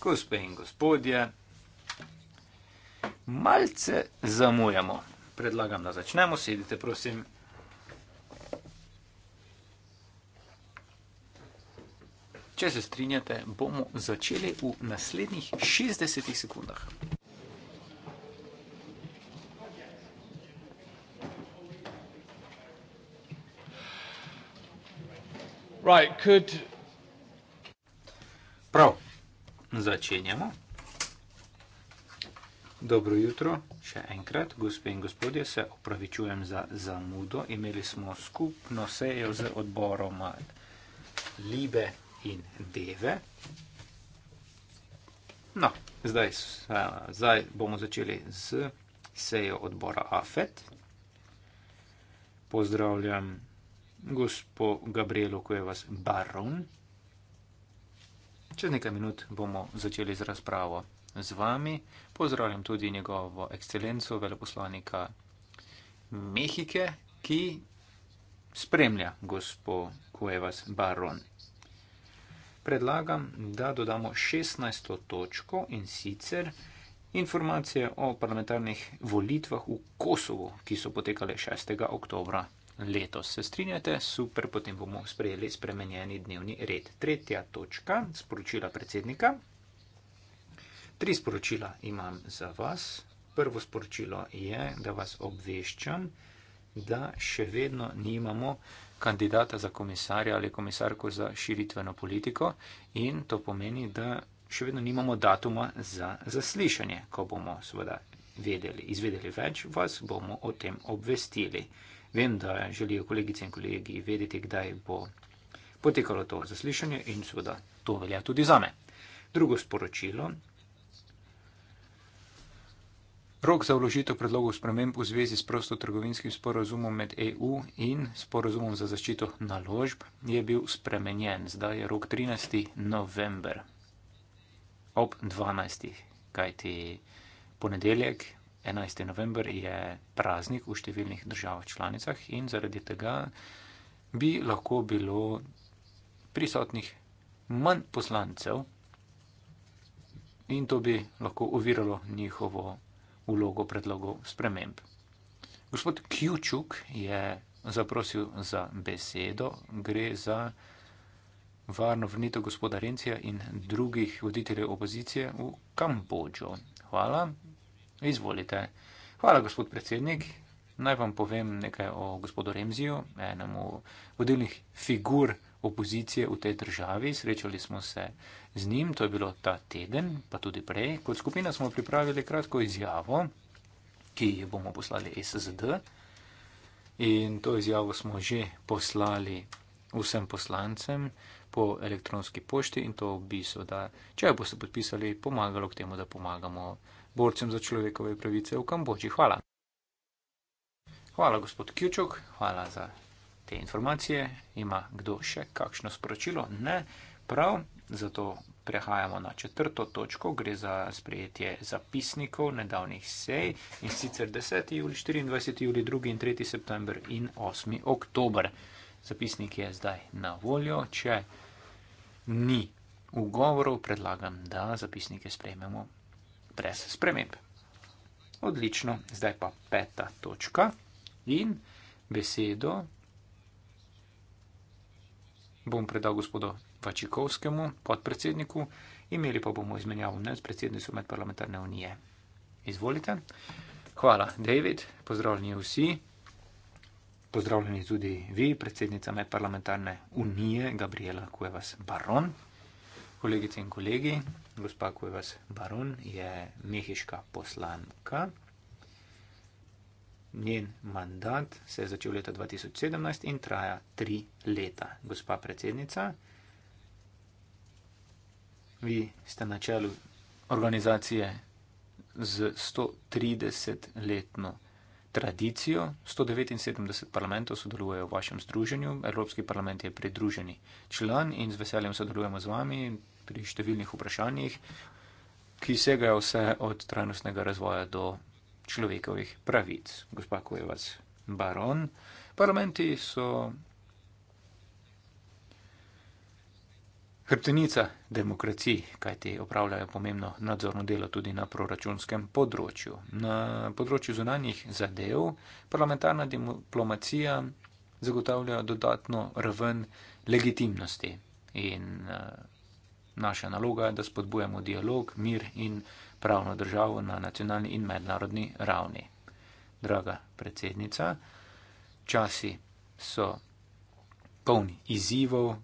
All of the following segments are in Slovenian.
Gospe in gospodje, malce zamujamo. Predlagam, da začnemo. Sedite, prosim. Če se strinjate, bomo začeli v naslednjih 60 sekundah. Right, could Začenjamo. Dobro jutro, še enkrat, gospe in gospodje, se opravičujem za zamudo. Imeli smo skupno sejo z odborom Libe in Deve. No, zdaj, zdaj bomo začeli z sejo odbora AFET. Pozdravljam gospo Gabrielo Kujevas Baron. Čez nekaj minut bomo začeli z razpravo z vami. Pozdravljam tudi njegovo ekscelenco, veleposlanika Mehike, ki spremlja gospo Kuevas Baron. Predlagam, da dodamo 16. točko in sicer informacije o parlamentarnih volitvah v Kosovo, ki so potekale 6. oktobra letos. Se strinjate? Super, potem bomo sprejeli spremenjeni dnevni red. Tretja točka, sporočila predsednika. Tri sporočila imam za vas. Prvo sporočilo je, da vas obveščam, da še vedno nimamo kandidata za komisarja ali komisarko za širitveno politiko in to pomeni, da še vedno nimamo datuma za zaslišanje. Ko bomo seveda vedeli, izvedeli več, vas bomo o tem obvestili. Vem, da želijo kolegice in kolegi vedeti, kdaj bo potekalo to zaslišanje in seveda to velja tudi za me. Drugo sporočilo. Rok za vložitev predlogov sprememb v zvezi s prostotrgovinskim sporozumom med EU in sporozumom za zaščito naložb je bil spremenjen. Zdaj je rok 13. november ob 12. kajti ponedeljek 11. november je praznik v številnih državah članicah in zaradi tega bi lahko bilo prisotnih manj poslancev in to bi lahko oviralo njihovo vlogo predlogov sprememb. Gospod Kjučuk je zaprosil za besedo, gre za varno vrnitev gospoda Rencija in drugih voditeljev opozicije v Kambodžo. Hvala, Izvolite. Hvala, gospod predsednik. Naj vam povem nekaj o gospodu Remziju, enemu vodilnih figur opozicije v tej državi. Srečali smo se z njim, to je bilo ta teden, pa tudi prej. Kot skupina smo pripravili kratko izjavo, ki jo bomo poslali SSD. In to izjavo smo že poslali vsem poslancem po elektronski pošti in to bi seveda, če jo boste podpisali, pomagalo k temu, da pomagamo borcem za človekove pravice v Kambodži. Hvala. Hvala, gospod Kjučok, hvala za te informacije. Ima kdo še kakšno sporočilo? Ne, prav, zato prehajamo na četrto točko, gre za sprejetje zapisnikov nedavnih sej in sicer 10. juli, 24. juli, 2. in 3. september in 8. oktober. Zapisnik je zdaj na voljo, če ni ugovorov, predlagam, da zapisnike sprejmemo brez sprememb. Odlično, zdaj pa peta točka in besedo bom predal gospodu Vačikovskemu, podpredsedniku, imeli pa bomo izmenjavo mnen s predsednico Medparlamentarne unije. Izvolite. Hvala, David, pozdravljeni vsi. Pozdravljeni tudi vi, predsednica Medparlamentarne unije, Gabriela Kuevas Baron, kolegice in kolegi gospa Kujvas Baron je mehiška poslanka. Njen mandat se je začel leta 2017 in traja tri leta. Gospa predsednica, vi ste na čelu organizacije z 130-letno tradicijo, 179 parlamentov sodelujejo v vašem združenju, Evropski parlament je pridruženi član in z veseljem sodelujemo z vami, pri številnih vprašanjih, ki segajo vse od trajnostnega razvoja do človekovih pravic. Gospa Kujevac, baron, parlamenti so hrbtenica demokraciji, kajti opravljajo pomembno nadzorno delo tudi na proračunskem področju. Na področju zunanjih zadev parlamentarna diplomacija zagotavlja dodatno raven legitimnosti in eh, Naša naloga je, da spodbujamo dialog, mir in pravno državo na nacionalni in mednarodni ravni. Draga predsednica, časi so polni izzivov,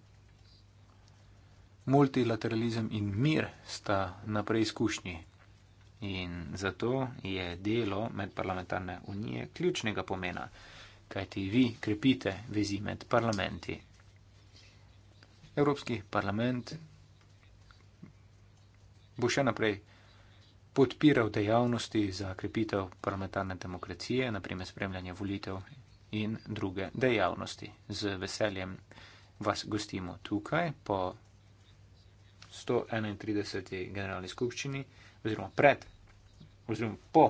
multilateralizem in mir sta na preizkušnji in zato je delo medparlamentarne unije ključnega pomena, kajti vi krepite vezi med parlamenti. Evropski parlament bo še naprej podpiral dejavnosti za krepitev parlamentarne demokracije, naprimer spremljanje volitev in druge dejavnosti. Z veseljem vas gostimo tukaj po 131. generalni skupščini oziroma pred oziroma po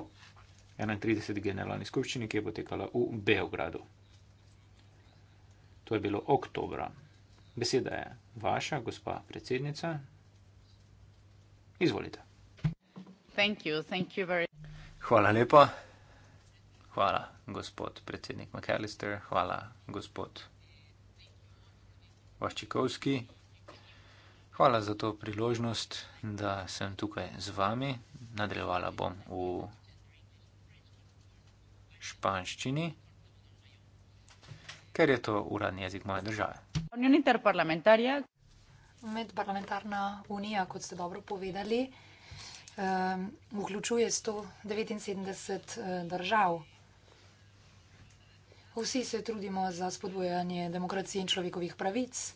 31. generalni skupščini, ki je potekala v Beogradu. To je bilo oktobra. Beseda je vaša, gospa predsednica. Izvolite. Thank you. Thank you very... Hvala lepa. Hvala, gospod predsednik McAllister. Hvala, gospod Vaščikovski. Hvala za to priložnost, da sem tukaj z vami. Nadaljevala bom v španščini, ker je to uradni jezik moje države. Unitar parlamentarja. Medparlamentarna unija, kot ste dobro povedali, um, vključuje 179 eh, držav. Vsi se trudimo za spodbojanje demokracije in človekovih pravic.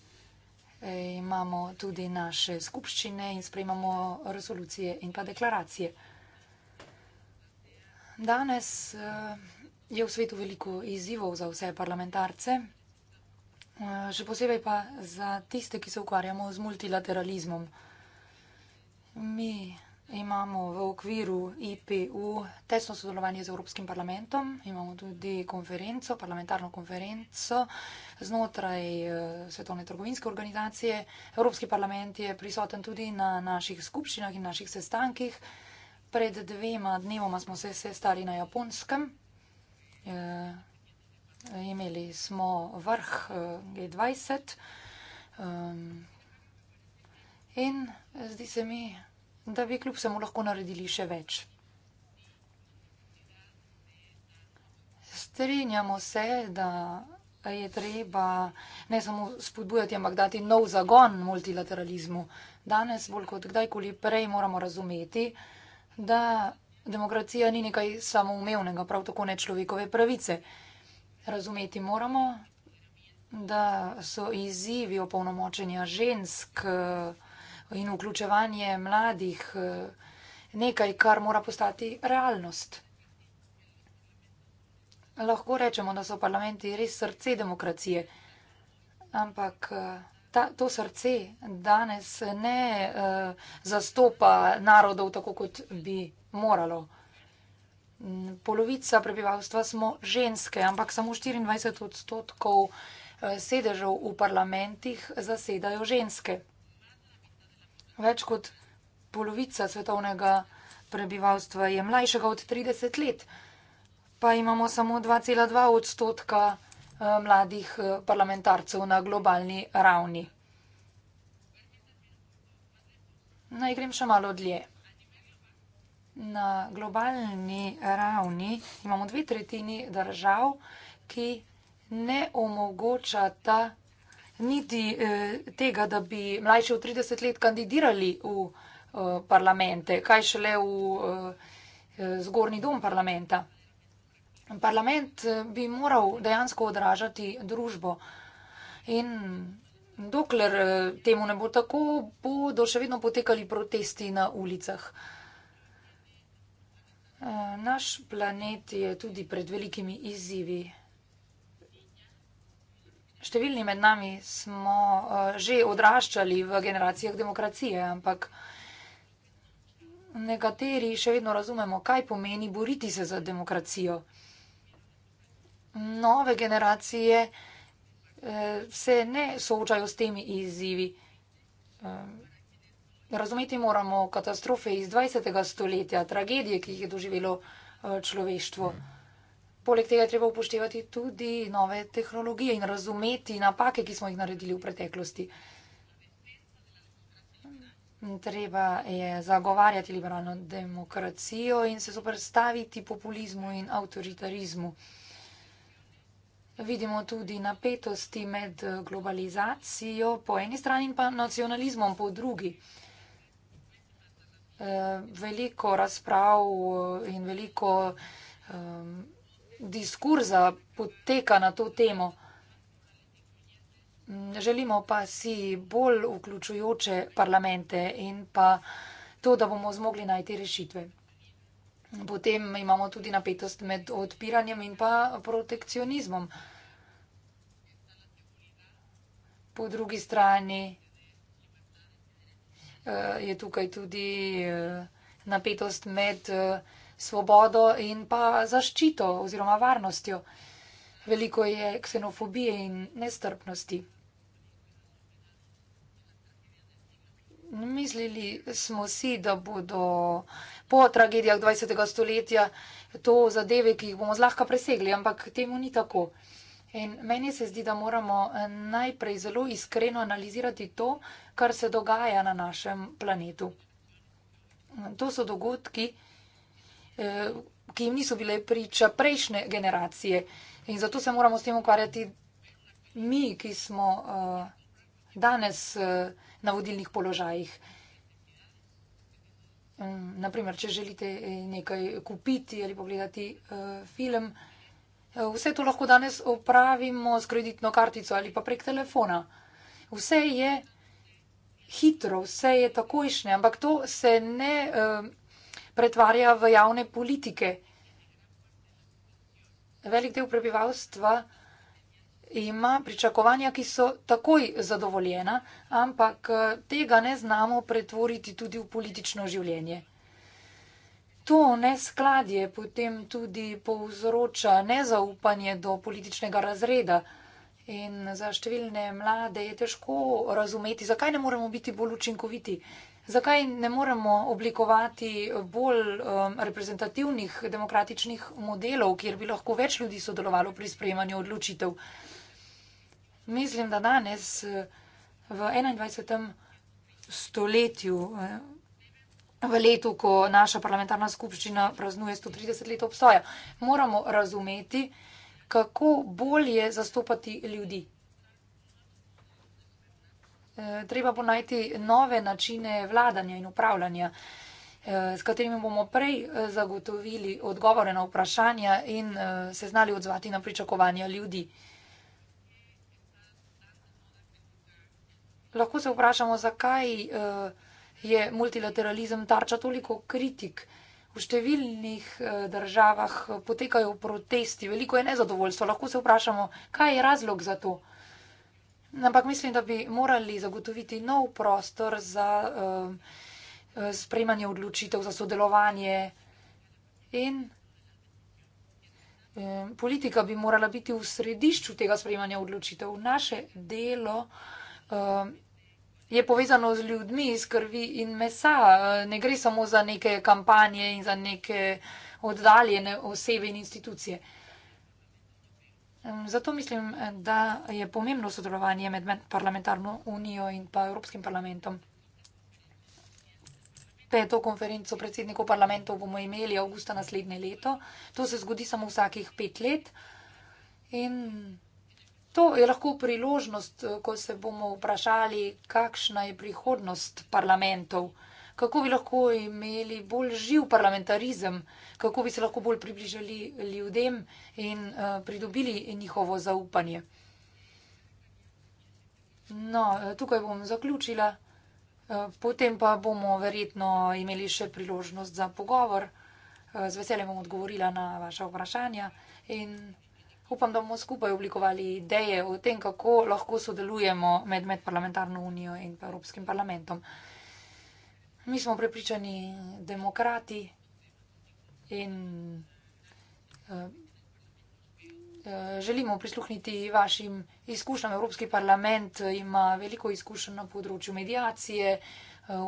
E, imamo tudi naše skupščine in sprejmamo resolucije in pa deklaracije. Danes uh, je v svetu veliko izzivov za vse parlamentarce. Eh, še posebej pa za tiste, ki se ukvarjamo z multilateralizmom. Mi imamo v okviru IPU tesno sodelovanje z Evropskim parlamentom, imamo tudi konferenco, parlamentarno konferenco znotraj eh, Svetovne trgovinske organizacije. Evropski parlament je prisoten tudi na naših skupščinah in naših sestankih. Pred dvema dnevoma smo se sestali na japonskem. Eh, Imeli smo vrh eh, G20 um, in zdi se mi, da bi kljub samo lahko naredili še več. Strinjamo se, da je treba ne samo spodbujati, ampak dati nov zagon multilateralizmu. Danes bolj kot kdajkoli prej moramo razumeti, da demokracija ni nekaj samoumevnega, prav tako ne človekove pravice. Razumeti moramo, da so izzivi opolnomočenja žensk eh, in vključevanje mladih eh, nekaj, kar mora postati realnost. Lahko rečemo, da so parlamenti res srce demokracije, ampak eh, ta, to srce danes ne uh, zastopa narodov tako, kot bi moralo polovica prebivalstva smo ženske, ampak samo 24 odstotkov eh, sedežev v parlamentih zasedajo ženske. Več kot polovica svetovnega prebivalstva je mlajšega od 30 let, pa imamo samo 2,2 odstotka eh, mladih eh, parlamentarcev na globalni ravni. Naj grem še malo dlje na globalni ravni imamo dve tretjini držav, ki ne omogočata niti eh, tega, da bi mlajši od 30 let kandidirali v eh, parlamente, kaj šele v eh, eh zgornji dom parlamenta. Parlament eh, bi moral dejansko odražati družbo in dokler eh, temu ne bo tako, bodo še vedno potekali protesti na ulicah. Eh, naš planet je tudi pred velikimi izzivi. Številni med nami smo eh, že odraščali v generacijah demokracije, ampak nekateri še vedno razumemo, kaj pomeni boriti se za demokracijo. Nove generacije eh, se ne soočajo s temi izzivi. Razumeti moramo katastrofe iz 20. stoletja, tragedije, ki jih je doživelo eh, človeštvo. Poleg tega je treba upoštevati tudi nove tehnologije in razumeti napake, ki smo jih naredili v preteklosti. Treba je zagovarjati liberalno demokracijo in se soprstaviti populizmu in avtoritarizmu. Vidimo tudi napetosti med globalizacijo po eni strani in pa nacionalizmom po drugi. Eh, veliko razprav eh, in veliko ehm, diskurza poteka na to temo. Mm, želimo pa si bolj vključujoče parlamente in pa to, da bomo zmogli najti rešitve. Potem imamo tudi napetost med odpiranjem in pa protekcionizmom. Po drugi strani. Eh, je tukaj tudi eh, napetost med eh, svobodo in pa zaščito oziroma varnostjo. Veliko je ksenofobije in nestrpnosti. Mislili smo si, da bodo po tragedijah 20. stoletja to zadeve, ki jih bomo zlahka presegli, ampak temu ni tako. Uh, In meni se zdi, da moramo eh, najprej zelo iskreno analizirati to, kar se dogaja na našem planetu. To so dogodki, eh, ki jim niso bile priča prejšnje generacije. In zato se moramo s tem ukvarjati mi, ki smo eh, danes na vodilnih položajih. Mm, Naprimer, če želite nekaj kupiti ali pogledati film, Vse to lahko danes opravimo s kreditno kartico ali pa prek telefona. Vse je hitro, vse je takojšnje, ampak to se ne uh, pretvarja v javne politike. Velik del prebivalstva ima pričakovanja, ki so takoj zadovoljena, ampak eh, tega ne znamo pretvoriti tudi v politično življenje. To neskladje potem tudi povzroča nezaupanje do političnega razreda. In za številne mlade je težko razumeti, zakaj ne moremo biti bolj učinkoviti, zakaj ne moremo oblikovati bolj um, reprezentativnih demokratičnih modelov, kjer bi lahko več ljudi sodelovalo pri sprejemanju odločitev. Mislim, da danes v 21. stoletju. Eh, v letu, ko naša parlamentarna skupščina praznuje 130 let obstoja. Moramo razumeti, kako bolje zastopati ljudi. E, treba bo najti nove načine vladanja in upravljanja, e, s katerimi bomo prej e, zagotovili odgovore na vprašanja in se znali odzvati na pričakovanja ljudi. Lahko se vprašamo, zakaj uh, je multilateralizem tarča toliko kritik. V številnih eh, državah eh, potekajo protesti, veliko je nezadovoljstva, lahko se vprašamo, kaj je razlog za to. Ampak mislim, da bi morali zagotoviti nov prostor za eh, sprejmanje odločitev, za sodelovanje. In politika bi morala biti v središču tega sprejmanja odločitev. Naše delo je povezano z ljudmi, z krvi in mesa. Ne gre samo za neke kampanje in za neke oddaljene osebe in institucije. Zato mislim, da je pomembno sodelovanje med parlamentarno unijo in pa Evropskim parlamentom. Peto konferenco predsednikov parlamentov bomo imeli avgusta naslednje leto. To se zgodi samo vsakih pet let. In To je lahko priložnost, eh, ko se bomo vprašali, kakšna je prihodnost parlamentov, kako bi lahko imeli bolj živ parlamentarizem, kako bi se lahko bolj približali ljudem in eh, pridobili njihovo zaupanje. No, eh, tukaj bom zaključila, potem pa bomo verjetno imeli še priložnost za pogovor. Z veseljem bom odgovorila na vaše vprašanja in upam, da bomo skupaj oblikovali ideje o tem, kako lahko sodelujemo med medparlamentarno unijo in Evropskim parlamentom. Mi smo prepričani demokrati in eh, eh, želimo prisluhniti vašim izkušnjam. Evropski parlament eh, ima veliko izkušenj na področju medijacije,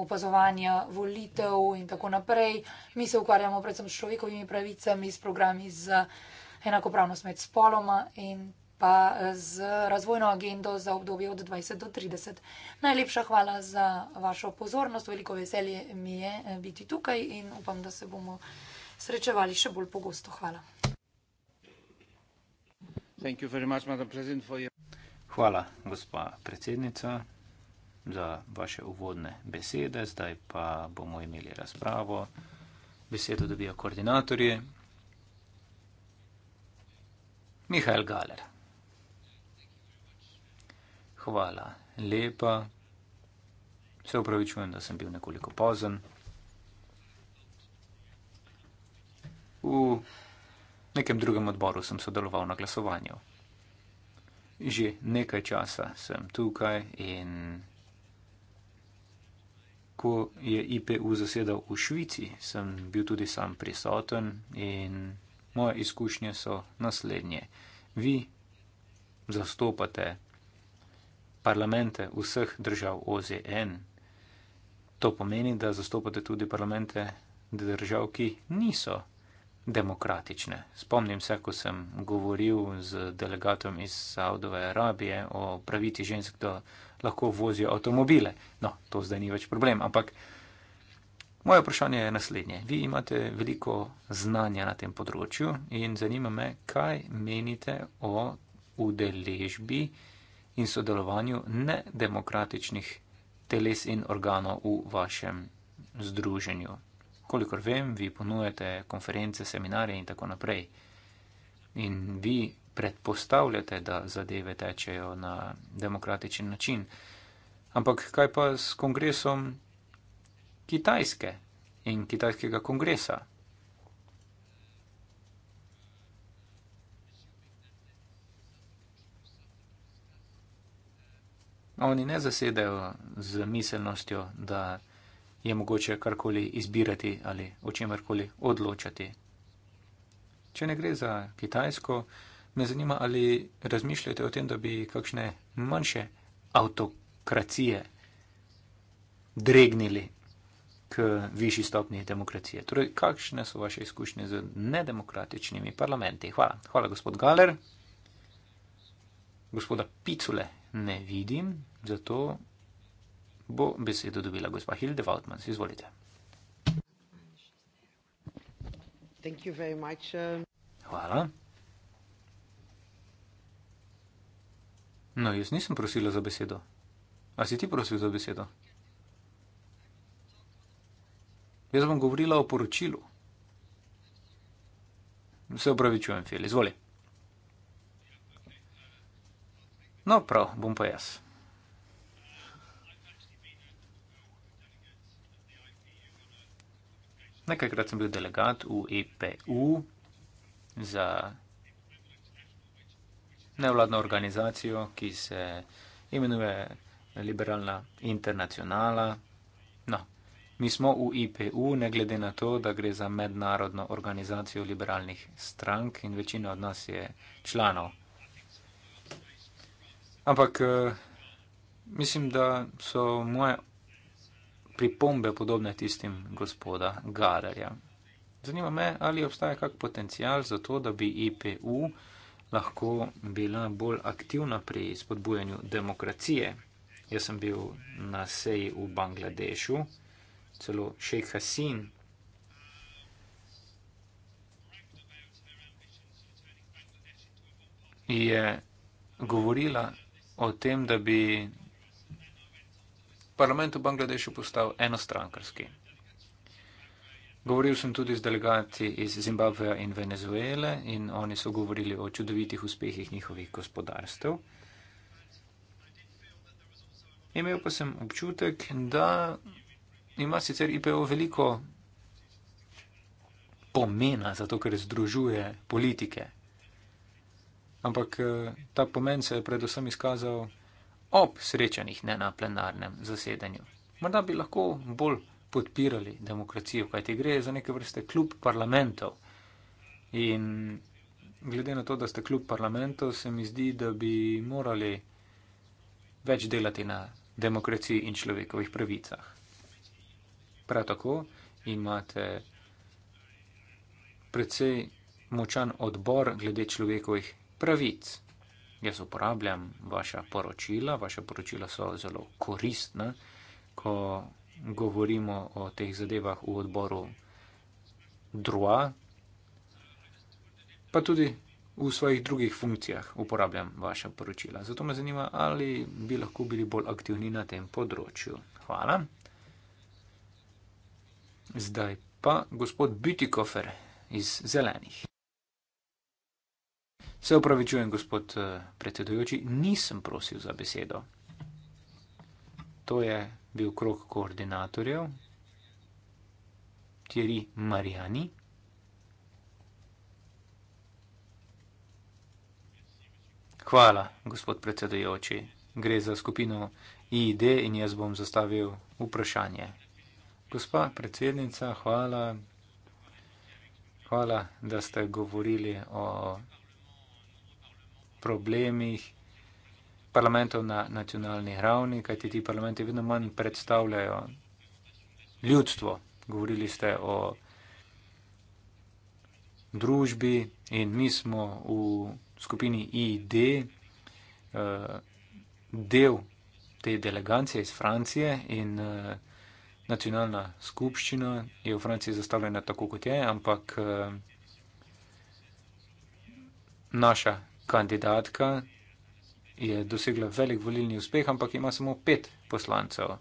opazovanja volitev in tako naprej. Mi se ukvarjamo predvsem s človekovimi pravicami, s programi za vsega, enakopravnost med spoloma in pa eh, z razvojno agendo za obdobje od 20 do 30. Najlepša hvala za vašo pozornost, veliko veselje mi je eh, biti tukaj in upam, da se bomo srečevali še bolj pogosto. Hvala. Hvala, gospa predsednica, za vaše uvodne besede. Zdaj pa bomo imeli razpravo. Besedo dobijo koordinatorji. Mihajl Galer. Hvala lepa. Se upravičujem, da sem bil nekoliko pozen. V nekem drugem odboru sem sodeloval na glasovanju. Že nekaj časa sem tukaj in ko je IPU zasedal v Švici, sem bil tudi sam prisoten in moje izkušnje so naslednje. Vi zastopate parlamente vseh držav OZN. To pomeni, da zastopate tudi parlamente držav, ki niso demokratične. Spomnim se, ko sem govoril z delegatom iz Saudove Arabije o pravici žensk, da lahko vozijo avtomobile. No, to zdaj ni več problem, ampak. Moje vprašanje je naslednje. Vi imate veliko znanja na tem področju in zanima me, kaj menite o udeležbi in sodelovanju nedemokratičnih teles in organov v vašem združenju. Kolikor vem, vi ponujete konference, seminarje in tako naprej. In vi predpostavljate, da zadeve tečejo na demokratičen način. Ampak kaj pa s kongresom Kitajske in kitajskega kongresa. Oni ne zasedajo z miselnostjo, da je mogoče karkoli izbirati ali o čemerkoli odločati. Če ne gre za Kitajsko, me zanima, ali razmišljate o tem, da bi kakšne manjše avtokracije dregnili k višji stopni demokracije. Torej, kakšne so vaše izkušnje z nedemokratičnimi parlamenti? Hvala. Hvala, gospod Galer. Gospoda Picule ne vidim, zato bo besedo dobila gospa Hilde Waldmans. Izvolite. Uh, Hvala. No, jaz nisem prosila za besedo. A si ti prosil za besedo? Jaz bom govorila o poročilu. Se upravičujem, Fili, izvoli. No, prav, bom pa jaz. Nekajkrat sem bil delegat v EPU za nevladno organizacijo, ki se imenuje Liberalna internacionala. No, Mi smo v IPU, ne glede na to, da gre za mednarodno organizacijo liberalnih strank in večina od nas je članov. Ampak eh, mislim, da so moje pripombe podobne tistim gospoda Gadarja. Zanima me, ali obstaja kak potencial za to, da bi IPU lahko bila bolj aktivna pri spodbujanju demokracije. Jaz sem bil na seji v Bangladešu celo šejh Hasin. Je govorila o tem, da bi parlament v Bangladešu postal enostrankarski. Govoril sem tudi z delegati iz Zimbabveja in Venezuele in oni so govorili o čudovitih uspehih njihovih gospodarstv. Imel pa sem občutek, da ima sicer IPO veliko pomena, zato ker združuje politike. Ampak eh, ta pomen se je predvsem izkazal ob srečanjih, ne na plenarnem zasedanju. Morda bi lahko bolj podpirali demokracijo, kajti gre za neke vrste klub parlamentov. In glede na to, da ste klub parlamentov, se mi zdi, da bi morali več delati na demokraciji in človekovih pravicah. Prav tako imate precej močan odbor glede človekovih pravic. Jaz uporabljam vaša poročila, vaša poročila so zelo koristna, ko govorimo o teh zadevah v odboru DROA, pa tudi v svojih drugih funkcijah uporabljam vaša poročila. Zato me zanima, ali bi lahko bili bolj aktivni na tem področju. Hvala. Zdaj pa gospod Bütikofer iz zelenih. Se upravičujem, gospod eh, predsedujoči, nisem prosil za besedo. To je bil krok koordinatorjev Thierry Mariani. Hvala, gospod predsedujoči. Gre za skupino ID in jaz bom zastavil vprašanje Gospa predsednica, hvala. hvala, da ste govorili o problemih parlamentov na nacionalni ravni, kajti ti parlamenti vedno manj predstavljajo ljudstvo. Govorili ste o družbi in mi smo v skupini ID eh, del te delegancije iz Francije in uh, nacionalna skupščina je v Franciji zastavljena tako, kot je, ampak eh, naša kandidatka je dosegla velik volilni uspeh, ampak ima samo pet poslancev.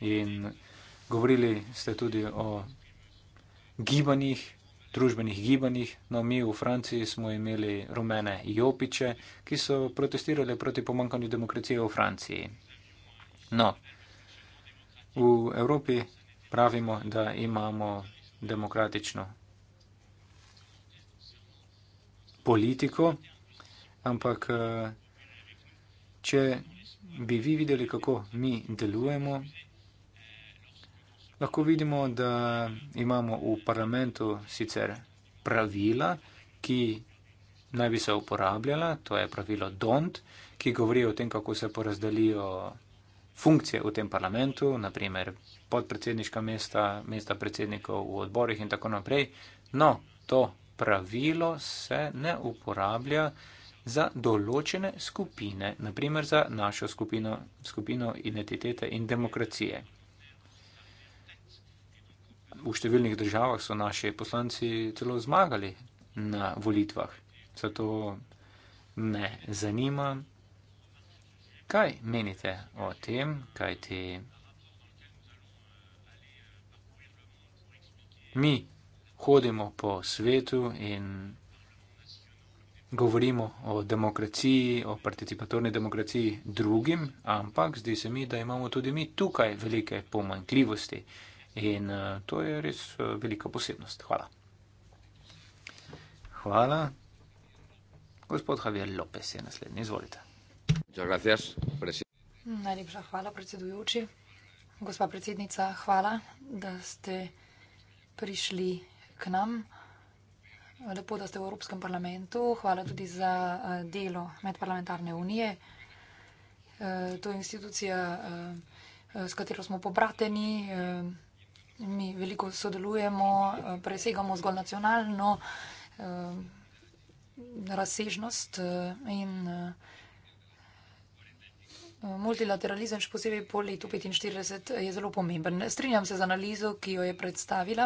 In govorili ste tudi o gibanjih, družbenih gibanjih. No, mi v Franciji smo imeli rumene jopiče, ki so protestirali proti pomankanju demokracije v Franciji. No, V Evropi pravimo, da imamo demokratično politiko, ampak eh, če bi vi videli, kako mi delujemo, lahko vidimo, da imamo v parlamentu sicer pravila, ki naj bi se uporabljala, to je pravilo DONT, ki govori o tem, kako se porazdelijo funkcije v tem parlamentu, naprimer podpredsedniška mesta, mesta predsednikov v odborih in tako naprej. No, to pravilo se ne uporablja za določene skupine, naprimer za našo skupino, skupino identitete in demokracije. V številnih državah so naši poslanci celo zmagali na volitvah, zato me zanima kaj menite o tem, kaj ti mi hodimo po svetu in govorimo o demokraciji, o participatorni demokraciji drugim, ampak zdi se mi, da imamo tudi mi tukaj velike pomankljivosti in eh, to je res eh, velika posebnost. Hvala. Hvala. Gospod Javier Lopes je naslednji. Izvolite. Najlepša hvala, predsedujoči. Gospa predsednica, hvala, da ste prišli k nam. Lepo, da ste v Evropskem parlamentu. Hvala tudi za eh, delo Medparlamentarne unije. Eh, to je institucija, eh, s katero smo pobrateni. Mi veliko sodelujemo, presegamo zgolj nacionalno razsežnost in. Multilateralizem, še posebej po letu 1945, je zelo pomemben. Strinjam se z analizo, ki jo je predstavila,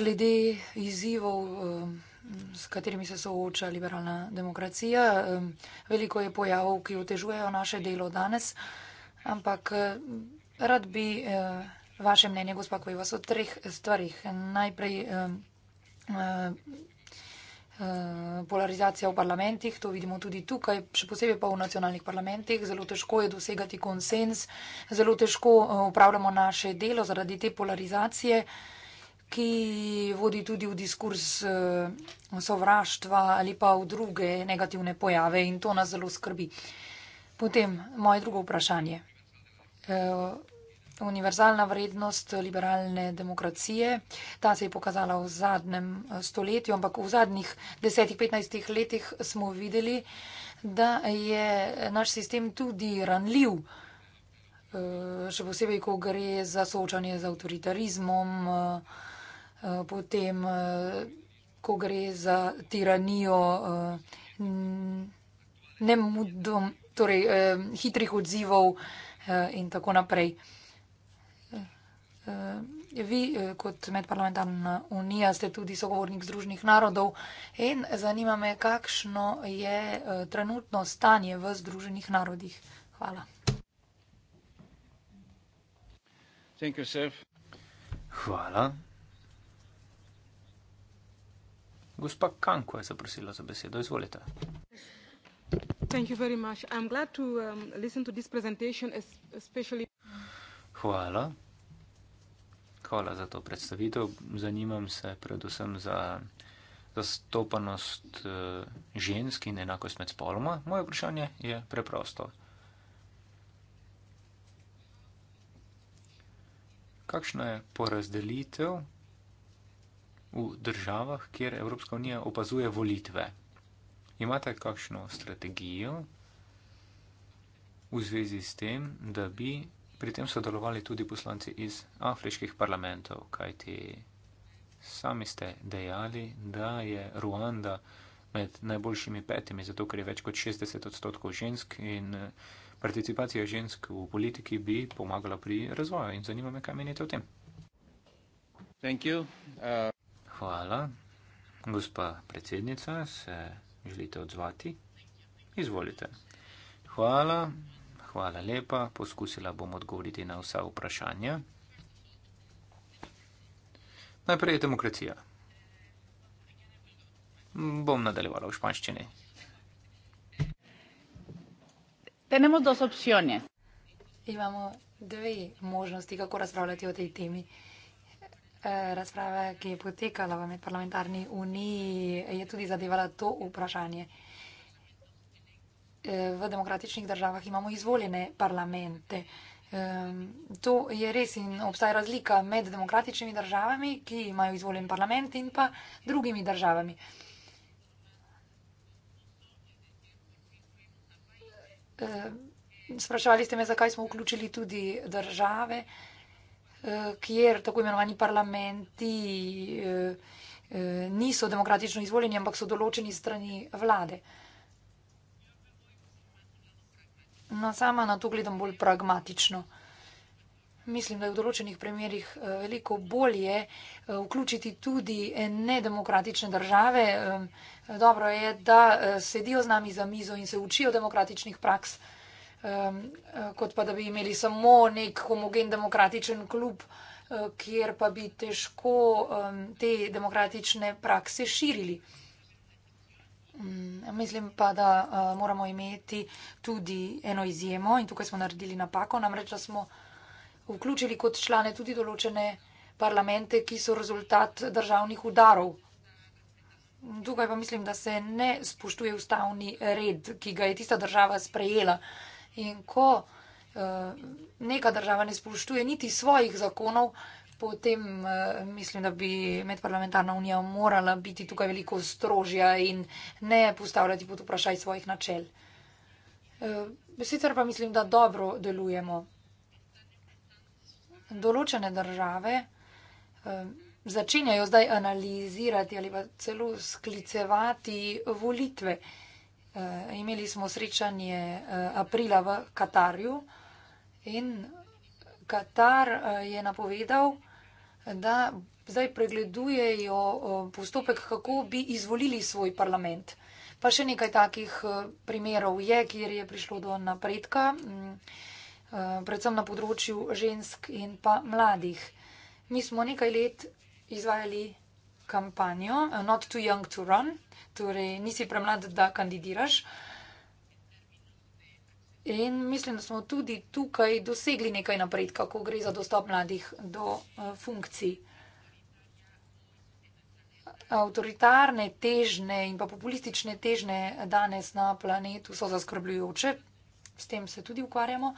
glede izzivov, eh, s katerimi se sooča liberalna demokracija. Eh, veliko je pojavov, ki otežujejo naše delo danes, ampak eh, rad bi vaše mnenje, gospod Kojivas, o treh stvarih. Najprej Eh, polarizacija v parlamentih, to vidimo tudi tukaj, še posebej pa v nacionalnih parlamentih. Zelo težko je dosegati konsens, zelo težko eh, upravljamo naše delo zaradi te polarizacije, ki vodi tudi v diskurs eh, sovraštva ali pa v druge negativne pojave in to nas zelo skrbi. Potem moje drugo vprašanje univerzalna vrednost liberalne demokracije. Ta se je pokazala v zadnjem eh, stoletju, ampak v zadnjih 10-15 letih smo videli, da je naš sistem tudi ranljiv, eh, še posebej, ko gre za soočanje z avtoritarizmom, eh, potem, ko gre za tiranijo nemudom, torej hitrih odzivov in tako naprej. Eh, vi eh, kot medparlamentarna unija ste tudi sogovornik Združenih narodov in zanima me, kakšno je eh, trenutno stanje v Združenih narodih. Hvala. Hvala. Gospa Kanko je zaprosila za besedo. Izvolite. Um, Hvala. Hvala za to predstavitev. Zanimam se predvsem za zastopanost eh, žensk in enakost med spoloma. Moje vprašanje je preprosto. Kakšna je porazdelitev v državah, kjer Evropska unija opazuje volitve? Imate kakšno strategijo v zvezi s tem, da bi Pri tem so delovali tudi poslanci iz afriških parlamentov, kajti sami ste dejali, da je Ruanda med najboljšimi petimi, zato ker je več kot 60 odstotkov žensk in eh, participacija žensk v politiki bi pomagala pri razvoju. In zanima me, kaj menite o tem. Uh... Hvala. Gospa predsednica, se želite odzvati? Izvolite. Hvala. Hvala lepa. Poskusila bom odgovoriti na vsa vprašanja. Najprej je demokracija. Bom nadaljevala v španščini. Tenemos dos opciones. Imamo dve možnosti, kako razpravljati o tej temi. Eh, razprava, ki je potekala med parlamentarni uniji, je tudi zadevala to vprašanje v demokratičnih državah imamo izvoljene parlamente. To je res in obstaja razlika med demokratičnimi državami, ki imajo izvoljen parlament, in pa drugimi državami. Spraševali ste me, zakaj smo vključili tudi države, e, kjer tako imenovani parlamenti e, e, niso demokratično izvoljeni, ampak so določeni strani vlade. No, sama na to gledam bolj pragmatično. Mislim, da je v določenih primerjih eh, veliko bolje eh, vključiti tudi eh, nedemokratične države. Dobro je, da sedijo z nami za mizo in se učijo demokratičnih praks, ehm, kot pa da bi imeli samo nek homogen demokratičen klub, kjer pa bi težko ehm, te demokratične prakse širili. Mm, mislim pa, da uh, moramo imeti tudi eno izjemo in tukaj smo naredili napako, namreč, da smo vključili kot člane tudi določene parlamente, ki so rezultat državnih udarov. Tukaj pa mislim, da se ne spoštuje ustavni red, ki ga je tista država sprejela. In ko uh, neka država ne spoštuje niti svojih zakonov, uh, potem eh, mislim, da bi medparlamentarna unija morala biti tukaj veliko strožja in ne postavljati pod vprašaj svojih načel. Eh, sicer pa mislim, da dobro delujemo. Določene države eh, začenjajo zdaj analizirati ali pa celo sklicevati volitve. Imeli smo srečanje aprila v Katarju in Katar eh, je napovedal, da zdaj pregledujejo eh, postopek, kako bi izvolili svoj parlament. Pa še nekaj takih eh, primerov je, kjer je prišlo do napredka, mm, predvsem na področju žensk in pa mladih. Mi smo nekaj let izvajali kampanjo Not too young to run, torej nisi premlad, da kandidiraš. In mislim, da smo tudi tukaj dosegli nekaj napredka, ko gre za dostop mladih do eh, funkcij. Avtoritarne težne in pa populistične težne danes na planetu so zaskrbljujoče. S tem se tudi ukvarjamo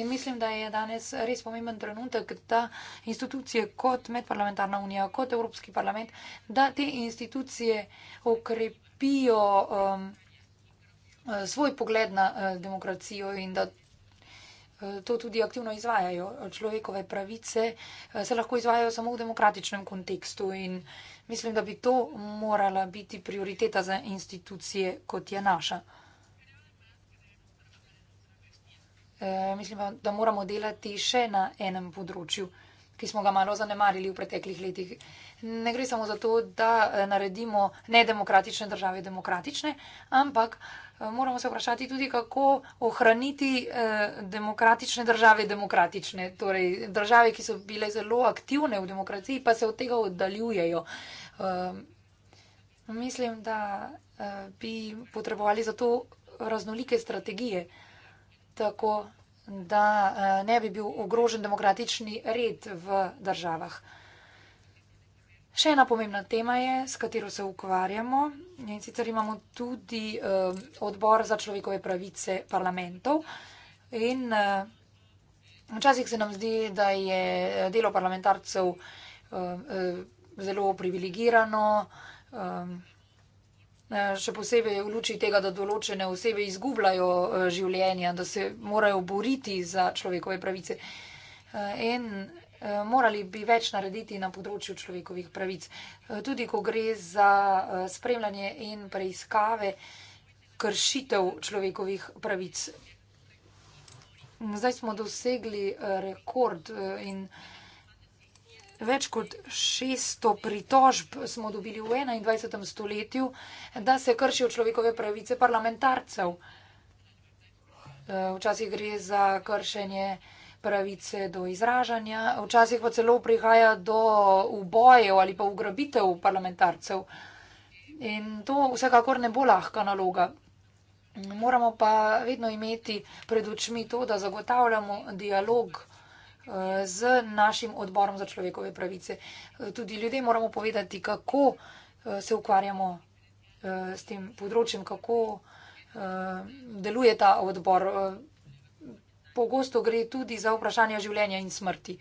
in mislim, da je danes res pomemben trenutek, da institucije kot Medparlamentarna unija, kot Evropski parlament, da te institucije okrepijo um, Eh, svoj pogled na eh, demokracijo in da eh, to tudi aktivno izvajajo. Človekove pravice se lahko izvajajo samo v demokratičnem kontekstu in mislim, da bi to morala biti prioriteta za institucije, kot je naša. Mislim pa, da moramo delati še na enem področju ki smo ga malo zanemarili v preteklih letih. Ne gre samo za to, da eh, naredimo nedemokratične države demokratične, ampak eh, moramo se vprašati tudi, kako ohraniti eh, demokratične države demokratične. Torej, države, ki so bile zelo aktivne v demokraciji, pa se od tega oddaljujejo. Mislim, da bi potrebovali za to raznolike strategije. Tako da eh, ne bi bil ogrožen demokratični red v državah. Še ena pomembna tema je, s katero se ukvarjamo, in sicer imamo tudi eh, odbor za človekove pravice parlamentov. In eh, včasih se nam zdi, da je delo parlamentarcev zelo privilegirano, Eh, še posebej v luči tega, da določene osebe izgubljajo eh, življenja, da se morajo boriti za človekove pravice. In eh, morali bi več narediti na področju človekovih pravic. Tudi, ko gre za spremljanje in preiskave kršitev človekovih pravic. Zdaj smo dosegli rekord in rekord. Več kot 600 pritožb smo dobili v 21. stoletju, da se kršijo človekove pravice parlamentarcev. E, včasih gre za kršenje pravice do izražanja, včasih pa celo prihaja do ubojev ali pa ugrabitev parlamentarcev. In to vsekakor ne bo lahka naloga. Moramo pa vedno imeti pred očmi to, da zagotavljamo dialog z našim odborom za človekove pravice. Tudi ljudem moramo povedati, kako eh, se ukvarjamo eh, s tem področjem, kako eh, deluje ta odbor. Pogosto gre tudi za vprašanje življenja in smrti.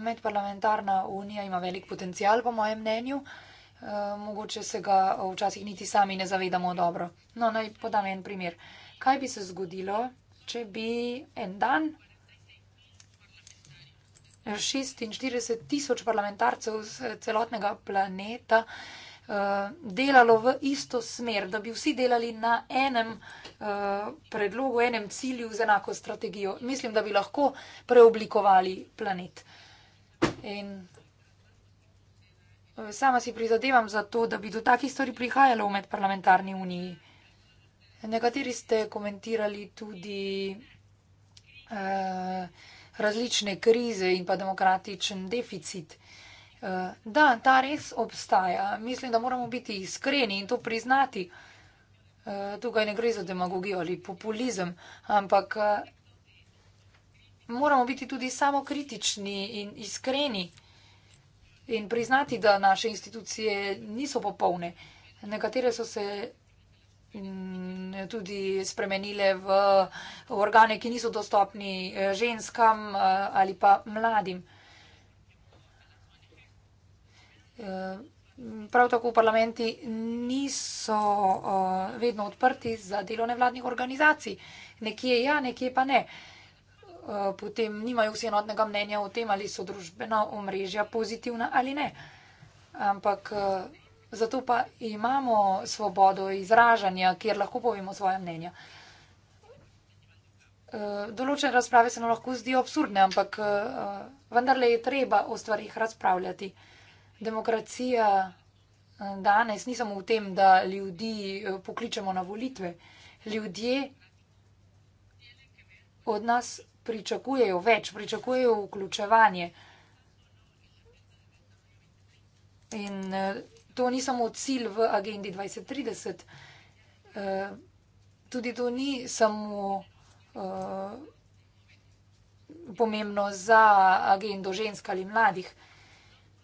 Medparlamentarna unija ima velik potencial, po mojem mnenju. Mogoče se ga včasih niti sami ne zavedamo dobro. No, naj podam en primer. Kaj bi se zgodilo? če bi en dan 46 tisoč parlamentarcev z celotnega planeta eh, delalo v isto smer, da bi vsi delali na enem eh, predlogu, enem cilju z enako strategijo. Mislim, da bi lahko preoblikovali planet. In eh, sama si prizadevam za to, da bi do takih stvari prihajalo v medparlamentarni uniji. Nekateri ste komentirali tudi uh, različne krize in pa demokratičen deficit. Uh, da, ta res obstaja. Mislim, da moramo biti iskreni in to priznati. Uh, tukaj ne gre za demagogijo ali populizem, ampak uh, moramo biti tudi samokritični in iskreni in priznati, da naše institucije niso popolne. Nekatere so se tudi spremenile v organe, ki niso dostopni eh, ženskam eh, ali pa mladim. Eh, prav tako parlamenti niso vedno odprti za delo nevladnih organizacij. Nekje ja, nekje pa ne. Potem nimajo vsi enotnega mnenja o tem, ali so družbena omrežja pozitivna ali ne. Ampak zato pa imamo svobodo izražanja, kjer lahko povemo svoje mnenje. Eh, določene razprave se nam lahko zdijo absurdne, ampak eh, vendarle je treba o stvarih razpravljati. Demokracija eh, danes ni samo v tem, da ljudi pokličemo na volitve. Ljudje od nas pričakujejo več, pričakujejo vključevanje. In to ni samo cilj v agendi 2030, eh, tudi to ni samo eh, pomembno za agendo žensk ali mladih.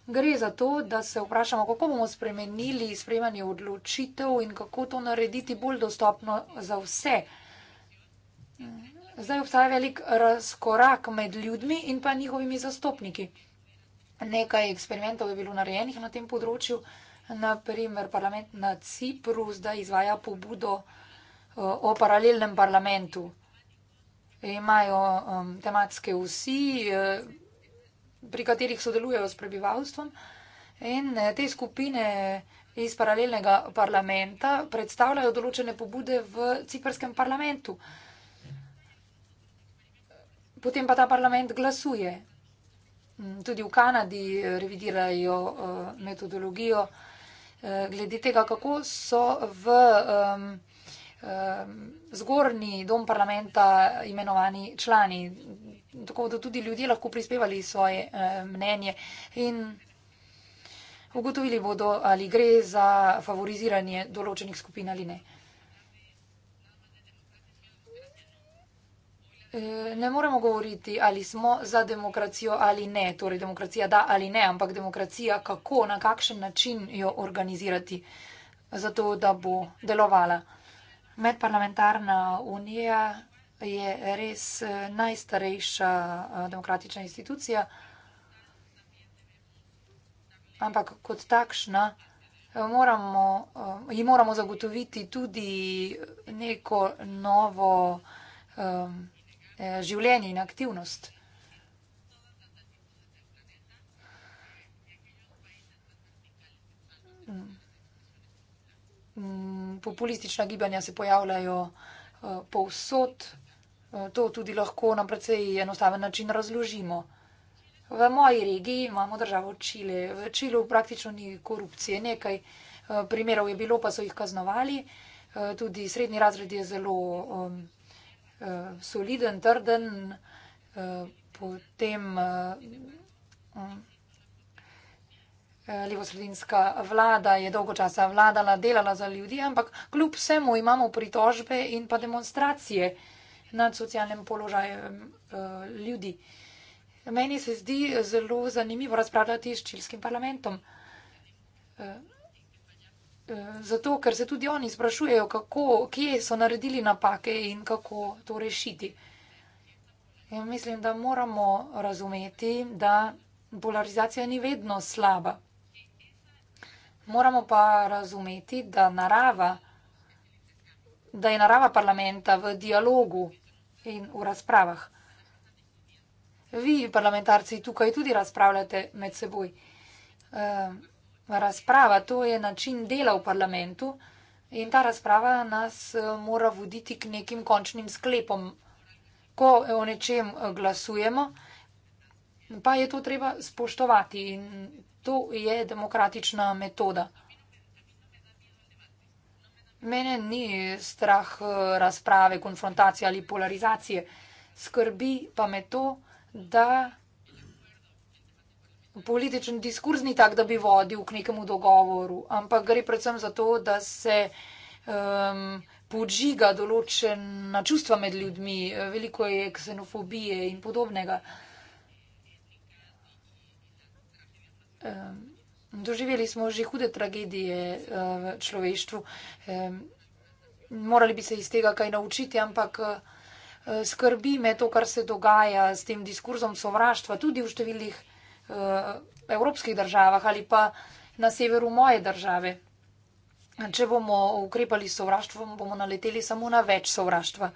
Gre za to, da se vprašamo, kako bomo spremenili sprejemanje odločitev in kako to narediti bolj dostopno za vse. Zdaj obstaja velik razkorak med ljudmi in pa njihovimi zastopniki. Nekaj eksperimentov je bilo narejenih na tem področju. Naprimer, parlament na Cipru zdaj izvaja pobudo eh, o paralelnem parlamentu. Imajo tematske vsi, eh, pri katerih sodelujejo s prebivalstvom in eh, te skupine iz paralelnega parlamenta predstavljajo določene pobude v ciprskem parlamentu. Potem pa ta parlament glasuje. Tudi v Kanadi revidirajo metodologijo parlamentu. Eh, glede tega, kako so v um, um, zgornji dom parlamenta imenovani člani. Tako da tudi ljudje lahko prispevali svoje uh, mnenje in ugotovili bodo, ali gre za favoriziranje določenih skupin ali ne. Eh, ne moremo govoriti, ali smo za demokracijo ali ne, torej demokracija da ali ne, ampak demokracija kako, na kakšen način jo organizirati, zato da bo delovala. Medparlamentarna unija je res eh, najstarejša eh, demokratična institucija, ampak kot takšna moramo, ji moramo zagotoviti tudi neko novo um, Eh, življenje in aktivnost. Mm, populistična gibanja se pojavljajo eh, povsod, eh, to tudi lahko na precej enostaven način razložimo. V moji regiji imamo državo Čile. V Čilu praktično ni korupcije. Nekaj primerov je bilo, pa so jih kaznovali. Tudi srednji razred je zelo Eh, soliden, trden, eh, potem eh, mm, levosredinska vlada je dolgo časa vladala, delala za ljudi, ampak kljub vsemu imamo pritožbe in pa demonstracije nad socialnim položajem ljudi. Meni se zdi zelo zanimivo razpravljati s čilskim parlamentom zato, ker se tudi oni sprašujejo, kako, kje so naredili napake in kako to rešiti. In mislim, da moramo razumeti, da polarizacija ni vedno slaba. Moramo pa razumeti, da, narava, da je narava parlamenta v dialogu in v razpravah. Vi, parlamentarci, tukaj tudi razpravljate med seboj. Uh, razprava, to je način dela v parlamentu in ta razprava nas eh, mora voditi k nekim končnim sklepom. Ko o nečem eh, glasujemo, pa je to treba spoštovati in to je demokratična metoda. Mene ni strah eh, razprave, konfrontacije ali polarizacije. Skrbi pa me to, da političen diskurs ni tak, da bi vodil k nekemu dogovoru, ampak gre predvsem za to, da se um, podžiga določena čustva med ljudmi, eh, veliko je ksenofobije in podobnega. Um, doživeli smo že hude tragedije uh, v človeštvu. Um, morali bi se iz tega kaj naučiti, ampak uh, skrbi me to, kar se dogaja s tem diskurzom sovraštva, tudi v številnih. Eh, evropskih državah ali pa na severu moje države. Če bomo ukrepali sovraštvo, bomo naleteli samo na več sovraštva.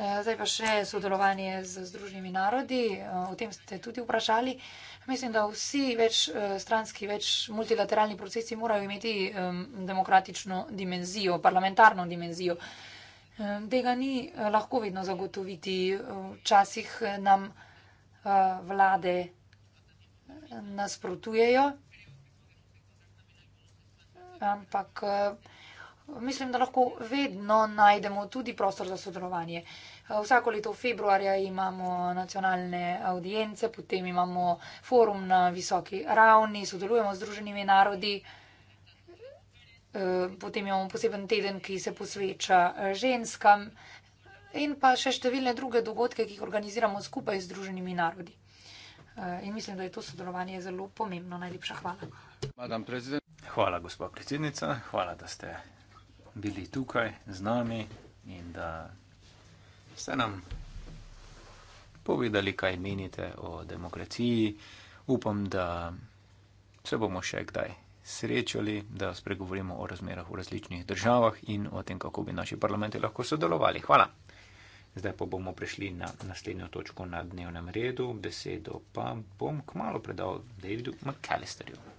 Eh, zdaj pa še sodelovanje z Združnimi narodi, eh, o tem ste tudi vprašali. Mislim, da vsi več stranski, več multilateralni procesi morajo imeti demokratično dimenzijo, parlamentarno dimenzijo. Tega ni eh, lahko vedno zagotoviti. Včasih eh, nam eh, vlade nasprotujejo. Ampak mislim, da lahko vedno najdemo tudi prostor za sodelovanje. Vsako leto v februarja imamo nacionalne audience, potem imamo forum na visoki ravni, sodelujemo z druženimi narodi. Eh, potem imamo poseben teden, ki se posveča eh, ženskam in pa še številne druge dogodke, ki jih organiziramo skupaj z druženimi narodi. Eh, in mislim, da je to sodelovanje zelo pomembno. Najlepša hvala. Hvala, gospod predsednica. Hvala, da ste bili tukaj z nami in da ste nam povedali, kaj menite o demokraciji. Upam, da se bomo še kdaj srečali, da spregovorimo o razmerah v različnih državah in o tem, kako bi naši parlamenti lahko sodelovali. Hvala. Zdaj pa bomo prišli na naslednjo točko na dnevnem redu. Besedo pa bom kmalo predal Davidu McAllisterju.